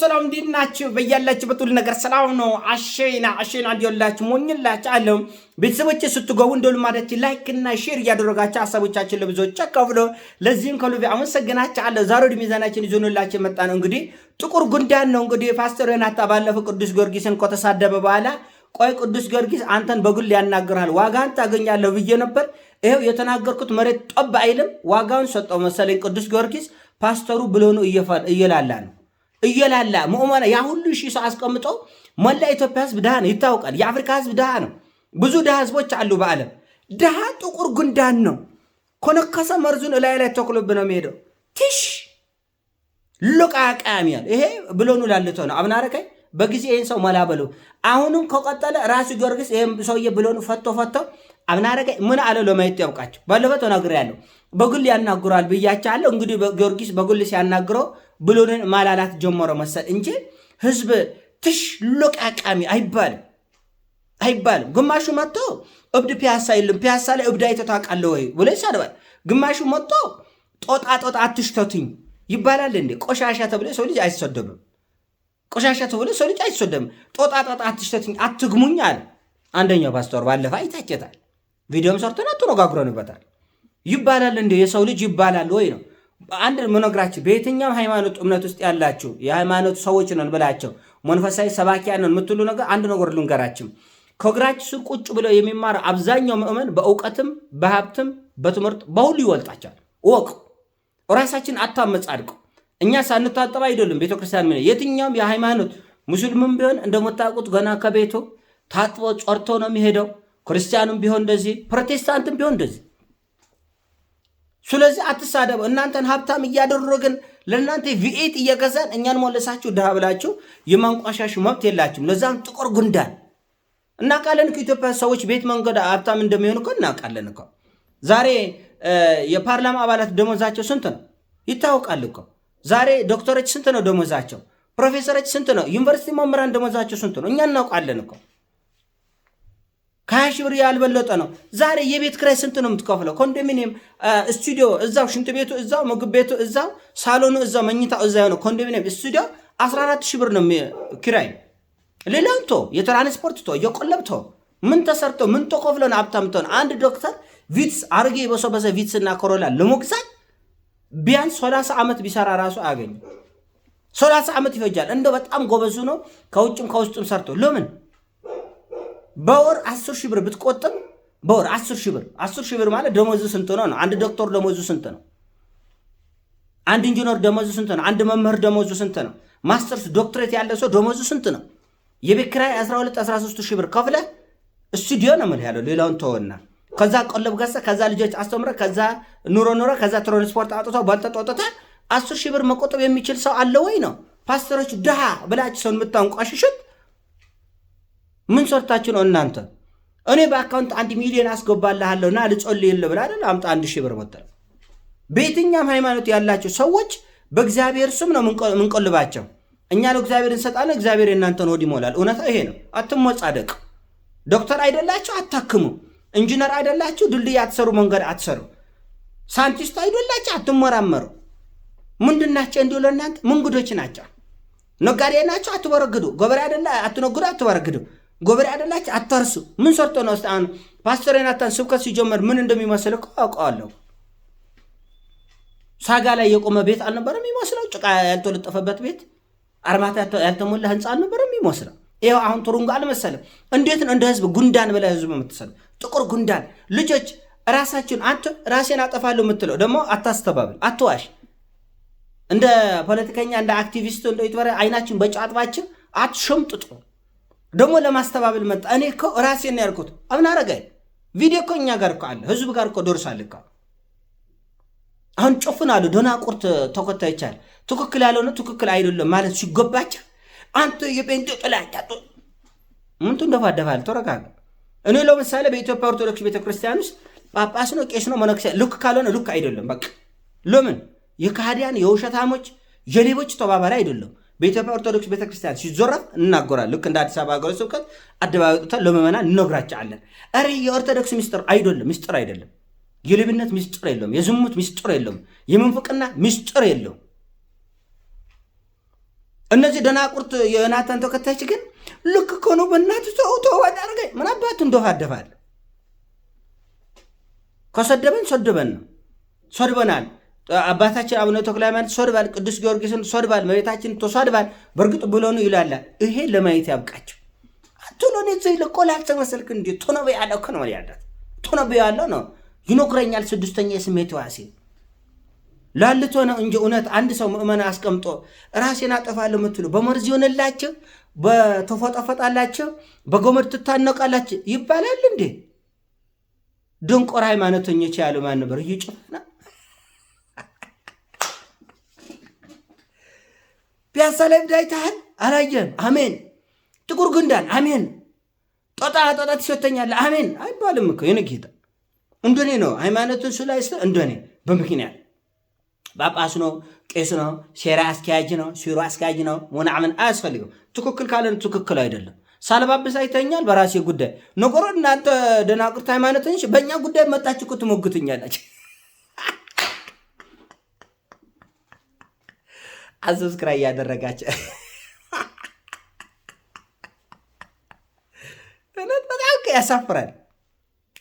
ሰላም እንዴት ናችሁ? በያላችሁበት ሁሉ ነገር ሰላም ነው። አሸና አሸና እንዲሆንላችሁ ሞኝላችሁ አለ። ቤተሰቦች ስትገቡ እንደ ልማዳችን ላይክ እና ሼር እያደረጋችሁ ሀሳቦቻችን ለብዙዎች አካፍሎ ለዚህም ከልቤ አመሰግናችሁ አለ። ዛሬ ወደ ሚዛናችን ይዞንላችሁ የመጣ ነው እንግዲህ ጥቁር ጉንዳን ነው። እንግዲህ ፓስተር ዮናታ ባለፈው ቅዱስ ጊዮርጊስን ከተሳደበ በኋላ ቆይ ቅዱስ ጊዮርጊስ አንተን በግል ያናግርሃል፣ ዋጋን ታገኛለህ ብዬ ነበር። ይኸው የተናገርኩት መሬት ጠብ አይልም፣ ዋጋውን ሰጠው መሰለኝ። ቅዱስ ጊዮርጊስ ፓስተሩ ብሎ ነው እየላላ ነው እየላላ ምእመና ያ ሁሉ ሺ ሰው አስቀምጦ መላ ኢትዮጵያ ህዝብ ድሃ ነው ይታወቃል። የአፍሪካ ህዝብ ድሃ ነው። ብዙ ድሃ ህዝቦች አሉ በዓለም። ድሃ ጥቁር ጉንዳን ነው። ኮነከሰ መርዙን እላይ ላይ ተኩሎብ ነው የሚሄደው። ትሽ ሉቃቃሚ ያል ይሄ ብሎኑ ላልቶ ነው አብናረከኝ በጊዜ ይህን ሰው መላ በሉ። አሁንም ከቀጠለ ራሱ ጊዮርጊስ ይህም ሰውዬ ብሎኑ ፈቶ ፈቶ አብናረከኝ ምን አለ ለማየት ያውቃቸው ባለበት ተናግሬ ያለው በግል ያናግሯል ብያቻለሁ። እንግዲህ ጊዮርጊስ በግል ሲያናግረው ብሎንን ማላላት ጀመረ መሰል እንጂ ህዝብ ትሽ ሎቃቃሚ አይባልም አይባልም። ግማሹ መጥቶ እብድ ፒያሳ የለም ፒያሳ ላይ እብድ አይተህ ታውቃለህ ወይ ብሎ ይሳደባል። ግማሹ መጥቶ ጦጣ ጦጣ አትሽተቱኝ ይባላል። እንዴ ቆሻሻ ተብሎ ሰው ልጅ አይሰደብም። ቆሻሻ ተብሎ ሰው ልጅ አይሰደብም። ጦጣ ጦጣ አትሽተቱኝ አትግሙኝ አለ አንደኛው ፓስተር። ባለፈ አይታችታል። ቪዲዮም ሰርተን ተነጋግረንበታል። ይባላል እንዴ የሰው ልጅ ይባላል ወይ ነው አንድ ምነግራችሁ በየትኛው ሃይማኖት እምነት ውስጥ ያላችሁ የሃይማኖት ሰዎች ነን ብላቸው መንፈሳዊ ሰባኪያ ነን የምትሉ ነገር አንድ ነገር ልንገራችሁ። ከእግራችሁ ስር ቁጭ ብለው የሚማረው አብዛኛው ምእመን በእውቀትም በሀብትም በትምህርት በሁሉ ይወልጣቸዋል። እወቁ። ራሳችን አታመጽ አድቁ። እኛ ሳንታጠብ አይደሉም ቤተክርስቲያን ሚ የትኛውም የሃይማኖት ሙስልምም ቢሆን እንደምታውቁት ገና ከቤቱ ታጥቦ ጸርቶ ነው የሚሄደው። ክርስቲያኑም ቢሆን እንደዚህ፣ ፕሮቴስታንትም ቢሆን እንደዚህ ስለዚህ አትሳደቡ። እናንተን ሀብታም እያደረግን ለእናንተ ቪኤት እየገዛን እኛን መለሳችሁ ድሃ ብላችሁ የማንቋሻሽ መብት የላችሁም። ለዛም ጥቁር ጉንዳን እናውቃለን። ከኢትዮጵያ ሰዎች ቤት መንገድ ሀብታም እንደሚሆኑ እኮ እናውቃለን እኮ ዛሬ የፓርላማ አባላት ደሞዛቸው ስንት ነው ይታወቃል እኮ። ዛሬ ዶክተሮች ስንት ነው ደሞዛቸው? ፕሮፌሰሮች ስንት ነው? ዩኒቨርሲቲ መምህራን ደሞዛቸው ስንት ነው? እኛ እናውቃለን እኮ። ከሀያ ሺህ ብር ያልበለጠ ነው። ዛሬ የቤት ክራይ ስንት ነው የምትከፍለው? ኮንዶሚኒየም፣ ስቱዲዮ እዛው፣ ሽንት ቤቱ እዛው፣ ምግብ ቤቱ እዛው፣ ሳሎኑ እዛው፣ መኝታው እዛ የሆነ ኮንዶሚኒየም ስቱዲዮ 14 ሺህ ብር ነው ኪራይ። ሌላም ቶ የትራንስፖርት ቶ የቆለብ ቶ ምን ተሰርቶ ምን ተቆፍሎ ነው ሀብታም አንድ ዶክተር ቪትስ አርጌ የበሰበሰ ቪትስ እና ኮሮላ ለሞግዛት ቢያንስ 30 ዓመት ቢሰራ ራሱ አያገኝም። 30 ዓመት ይፈጃል። እንደው በጣም ጎበዙ ነው ከውጭም ከውስጡም ሰርቶ ለምን በወር አስር ሺህ ብር ብትቆጥብ በወር አስር ሺህ ብር አስር ሺህ ብር ማለት ደሞዙ ስንት ነው? አንድ ዶክተር ደሞዙ ስንት ነው? አንድ ኢንጂነር ደሞዙ ስንት ነው? አንድ መምህር ደሞዙ ስንት ነው? ማስተርስ ዶክትሬት ያለ ሰው ደሞዙ ስንት ነው? የቤት ኪራይ 12 13 ሺህ ብር ከፍለ ስቱዲዮ ነው የምልህ ያለው። ሌላውን ተወና ከዛ ቀለብ ገዝተህ ከዛ ልጆች አስተምረ ከዛ ኑሮ ኑሮ ከዛ ትራንስፖርት አውጥቶ ባልተጦጠተ አስር ሺህ ብር መቆጠብ የሚችል ሰው አለ ወይ ነው? ፓስተሮች ድሃ ብላችሁ ሰውን የምታንቋሽሹት ምን ሰርታችሁ ነው እናንተ? እኔ በአካውንት አንድ ሚሊዮን አስገባላለሁና ልጸልይ የለ ብላ አይደል? አምጣ አንድ ሺህ ብር መጠለ በየትኛም ሃይማኖት ያላቸው ሰዎች በእግዚአብሔር ስም ነው ምንቆልባቸው። እኛ ለእግዚአብሔር እንሰጣለን፣ እግዚአብሔር የእናንተን ሆድ ይሞላል። እውነት ይሄ ነው። አትሞጻደቅ። ዶክተር አይደላችሁ አታክሙ። ኢንጂነር አይደላችሁ ድልድይ አትሰሩ፣ መንገድ አትሰሩ። ሳይንቲስት አይደላችሁ አትመራመሩ። ምንድናቸው ናቸው እንዲሁ ለእናንተ ምንግዶች ናቸው። ነጋዴ ናቸው አትበረግዱ። ገበሬ አይደላ አትነግዱ፣ አትበረግዱ። ጎበሬ አይደላች አታርሱ። ምን ሰርቶ ነው ስ አሁን ፓስተር ናታን ስብከት ሲጀመር ምን እንደሚመስል እኮ አውቀዋለሁ። ሳጋ ላይ የቆመ ቤት አልነበረም የሚመስለው። ጭቃ ያልተለጠፈበት ቤት፣ አርማታ ያልተሞላ ህንፃ አልነበረም የሚመስለው። ይኸው አሁን ቱሩንጋ አልመሰለም። እንዴት ነው እንደ ህዝብ ጉንዳን ብላ ህዝብ የምትሰለው? ጥቁር ጉንዳን ልጆች ራሳችን አንተ ራሴን አጠፋለሁ የምትለው ደግሞ አታስተባብል፣ አትዋሽ። እንደ ፖለቲከኛ እንደ አክቲቪስት እንደ ኢትዮጵያ አይናችን በጫጥባችን አትሸምጥጡ። ደግሞ ለማስተባበል መጣ። እኔ እኮ ራሴ ነው ያልኩት። አብን አረጋይ ቪዲዮ እኮ እኛ ጋር እኮ አለ፣ ህዝብ ጋር እኮ ደርሷል እኮ። አሁን ጮፍን አሉ ደናቁርት ተኮታይቻል። ትክክል ያልሆነ ትክክል አይደለም ማለት ሲገባቸው አንተ የጴንጤ ጥላቻ ምንቱ እንደፋደፋል። ተረጋጋ። እኔ ለምሳሌ በኢትዮጵያ ኦርቶዶክስ ቤተክርስቲያን ውስጥ ጳጳስ ነው ቄስ ነው መነኩሴ ልክ ካልሆነ ልክ አይደለም። በቃ ለምን የካህዲያን የውሸታሞች የሌቦች ተባባሪ አይደለም። በኢትዮጵያ ኦርቶዶክስ ቤተክርስቲያን ሲዞረፍ እናጎራል። ልክ እንደ አዲስ አበባ ሀገረ ስብከት አደባባይ ወጥተን ለመመና እንነግራቸዋለን። ኧረ የኦርቶዶክስ ምስጢር አይደለም፣ ምስጢር አይደለም። የልብነት ምስጢር የለውም። የዝሙት ምስጢር የለውም። የምንፍቅና ምስጢር የለውም። እነዚህ ደናቁርት የናታን ተከታዮች ግን ልክ ከሆኑ በእናት ሰውቶ አድርገኝ ምን አባት አደፋል። ከሰደበን ሰደበን ነው ሰድበናል። አባታችን አቡነ ተክለ ሃይማኖት ሶድባል፣ ቅዱስ ጊዮርጊስን ሶድባል፣ መቤታችን ተሷድባል በእርግጥ ብሎኑ ይላለ። ይሄ ለማየት ያብቃቸው። ቶሎኔ ዘይ ለቆላልሰ መሰልክ እንዲ ቶኖ ያለው ነው ያላት ቶኖ ያለው ነው ይኖክረኛል። ስድስተኛ የስሜት ዋሲ ላልቶ ነው እንጂ እውነት አንድ ሰው ምእመን አስቀምጦ ራሴን አጠፋለሁ የምትሉ በመርዝ ይሆንላቸው፣ በተፎጠፈጣላቸው፣ በጎመድ ትታነቃላቸው ይባላል እንዴ? ድንቆር ሃይማኖተኞች ያሉ ማን ነበር? እዩ ፒያሳ ላይ አይተሃል? አላየም። አሜን። ጥቁር ጉንዳን አሜን። ጦጣ ጦጣ ትሸተኛለ አሜን አይባልም እኮ የኔ ጌታ። እንደኔ ነው ሃይማኖትን ስላይ ስ እንደኔ በምክንያት ጳጳስ ነው፣ ቄስ ነው፣ ሴራ አስኪያጅ ነው፣ ሲሮ አስኪያጅ ነው ምናምን አያስፈልግም። ትክክል ካለን ትክክል አይደለም። ሳለባብስ አይተኛል በራሴ ጉዳይ ነቆሮ እናንተ ደናቁርት ሃይማኖትን በእኛ ጉዳይ መጣችሁ እኮ አዘዝ ክራ እያደረጋች እውነት በጣም ያሳፍራል።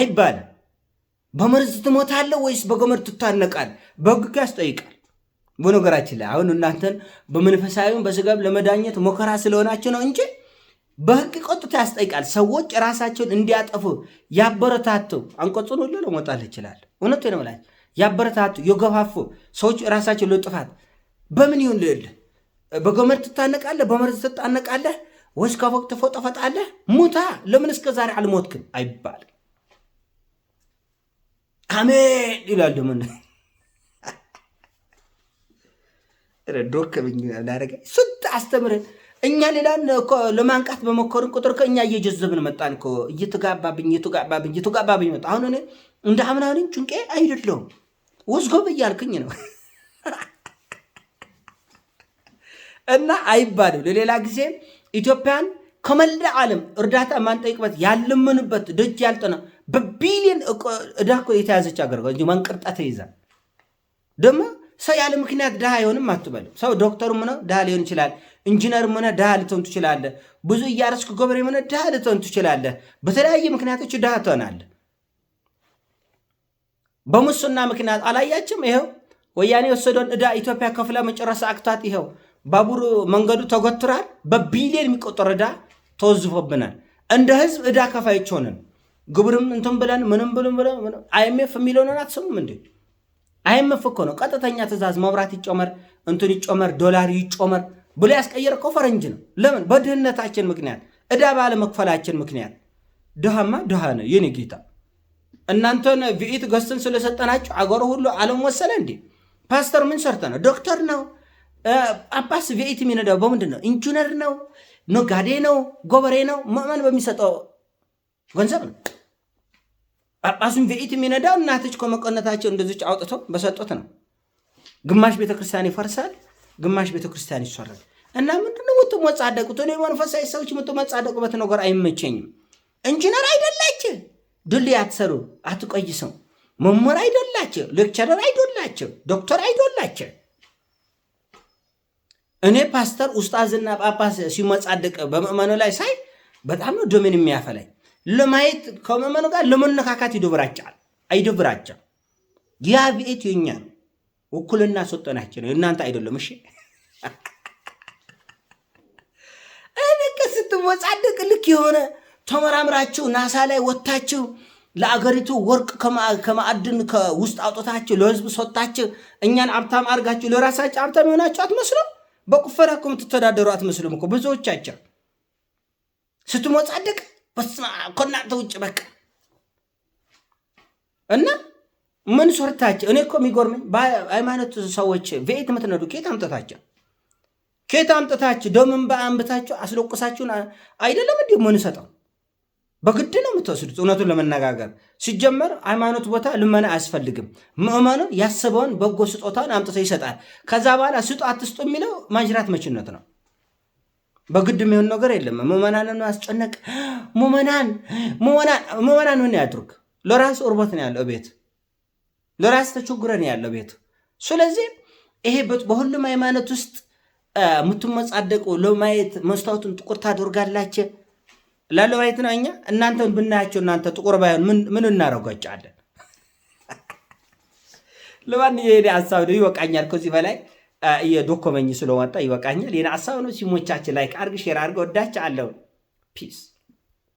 አይባል በመርዝ ትሞታለህ ወይስ በገመድ ትታነቃል? በህግ ያስጠይቃል። በነገራችን ላይ አሁን እናንተን በመንፈሳዊም በስጋም ለመዳኘት ሞከራ ስለሆናቸው ነው እንጂ በህግ ቆጥታ ያስጠይቃል። ሰዎች ራሳቸውን እንዲያጠፉ ያበረታቱ፣ አንቀጹን ሁሉ ለመጣል ይችላል። እውነቱ ነው ላ ያበረታቱ፣ የገፋፉ ሰዎች ራሳቸው ለጥፋት በምን ይሁን ልል በገመድ ትታነቃለህ? በመርዝ ትታነቃለህ? ወይስ ከፎቅ ትፈጠፈጣለህ? ሙታ ለምን እስከ ዛሬ አልሞትክም አይባልም። አሜን ይላል። ደሞ ዶከብኝ ላረገ ስት አስተምርን እኛ ሌላን ለማንቃት በመኮርን ቁጥር ከእኛ እየጀዘብን መጣን። እየተጋባብኝ እየተጋባብኝ እየተጋባብኝ መጣ። አሁን እኔ እንደ አምናንን ጭንቄ አይደለውም ወዝጎብ እያልክኝ ነው እና አይባልም። ለሌላ ጊዜ ኢትዮጵያን ከመላ ዓለም እርዳታ ማንጠይቅበት ያልምንበት ደጅ ያልጠና በቢሊዮን እዳ እኮ የተያዘች አገር መንቅርጣ ተይዛል። ደግሞ ሰው ያለ ምክንያት ድሃ አይሆንም አትበል። ሰው ዶክተር ሆነ ድሃ ሊሆን ይችላል። ኢንጂነር ሆነ ድሃ ልትሆን ትችላለ። ብዙ እያረስክ ገበሬ ሆነ ድሃ ልትሆን ትችላለ። በተለያየ ምክንያቶች ድሃ ትሆናለ። በሙስና ምክንያት አላያችም? ይኸው ወያኔ የወሰደውን እዳ ኢትዮጵያ ከፍለ መጨረስ አቅቷት ይኸው ባቡር መንገዱ ተጎትሯል። በቢሊየን የሚቆጠር ዕዳ ተወዝፎብናል። እንደ ህዝብ እዳ ከፋዮች ሆነን ግብርም እንትን ብለን ምንም ብለን ብለን አይኤምኤፍ የሚለውን አትሰሙም እንዴ? አይኤምኤፍ እኮ ነው ቀጥተኛ ትእዛዝ መብራት ይጮመር፣ እንትን ይጮመር፣ ዶላር ይጮመር ብሎ ያስቀየረ እኮ ፈረንጅ ነው። ለምን? በድህነታችን ምክንያት እዳ ባለመክፈላችን ምክንያት። ድሃማ ድሃ ነው ይህን ጌታ። እናንተን ቪኢት ገስትን ስለሰጠናቸው አገሩ ሁሉ አለም ወሰለ እንዴ? ፓስተር ምን ሰርተ ነው? ዶክተር ነው አባስ ቪኤት የሚነዳው በምንድን ነው? ኢንጂነር ነው፣ ነጋዴ ነው፣ ጎበሬ ነው። ምዕመን በሚሰጠው ገንዘብ ነው። ጳጳሱን ቪኤት የሚነዳው እናቶች ከመቀነታቸው እንደዚች አውጥቶ በሰጡት ነው። ግማሽ ቤተክርስቲያን ይፈርሳል፣ ግማሽ ቤተክርስቲያን ይሰራል። እና ምንድነው ምቱ መጻደቁት? እኔ መንፈሳዊ ሰዎች ምቱ መጻደቁበት ነገር አይመቸኝም። ኢንጂነር አይደላች፣ ድልድይ አትሰሩ፣ አትቆይሰው፣ መምህር አይደላቸው፣ ሌክቸረር አይደላቸው፣ ዶክተር አይደላቸው እኔ ፓስተር ውስጣዝና ጳጳስ ሲመጻደቅ በምዕመኑ ላይ ሳይ በጣም ነው ደሜን የሚያፈላኝ። ለማየት ከምዕመኑ ጋር ለመነካካት ይደብራቸዋል፣ አይደብራቸው። ያ ቤት የኛ ውክልና ነው፣ እናንተ አይደለም። እሺ እልቅ ስትመጻደቅ ልክ የሆነ ተመራምራችሁ ናሳ ላይ ወጥታችሁ ለአገሪቱ ወርቅ ከማዕድን ውስጥ አውጥታችሁ ለህዝብ ሰጥታችሁ እኛን ሀብታም አድርጋችሁ ለራሳችሁ ሀብታም የሆናችሁ አትመስሉም። በቁፈራ እኮ የምትተዳደሩ አትመስሉም እኮ ብዙዎቻቸው። ስትሞጻደቅ ከእናንተ ውጭ በቃ እና ምን ሶርታቸው። እኔ እኮ የሚጎርመኝ በሃይማኖት ሰዎች ቤት የምትነዱ ኬት አምጠታቸው ኬት አምጠታቸው ደምን በአንብታቸው አስለቁሳችሁን አይደለም እንዲ ምን ሰጠው በግድ ነው የምትወስዱት። እውነቱን ለመነጋገር ሲጀመር ሃይማኖት ቦታ ልመና አያስፈልግም። ምእመኑ ያስበውን በጎ ስጦታን አምጥቶ ይሰጣል። ከዛ በኋላ ስጡ አትስጡ የሚለው ማጅራት መችነት ነው። በግድ የሚሆን ነገር የለም። ምዕመናንን ማስጨነቅ ምዕመናን ምዕመናን ምን ያድርግ? ለራስ እርቦት ነው ያለው ቤት፣ ለራስ ተቸግሮ ነው ያለው ቤት። ስለዚህ ይሄ በሁሉም ሃይማኖት ውስጥ የምትመጻደቁ ለማየት መስታወቱን ጥቁር ታደርጋላችሁ እላለሁ ማለት ነው። እኛ እናንተን ብናያቸው እናንተ ጥቁር ባይሆን ምን እናደርጓቸዋለን? ለማን የኔ ሀሳብ ነው። ይወቃኛል። ከዚህ በላይ የዶኮመኝ ስለወጣ ይወቃኛል። የኔ ሀሳብ ነው። ሲሞቻችን ላይክ አርግ፣ ሼር አርገ። ወዳቸ አለው ፒስ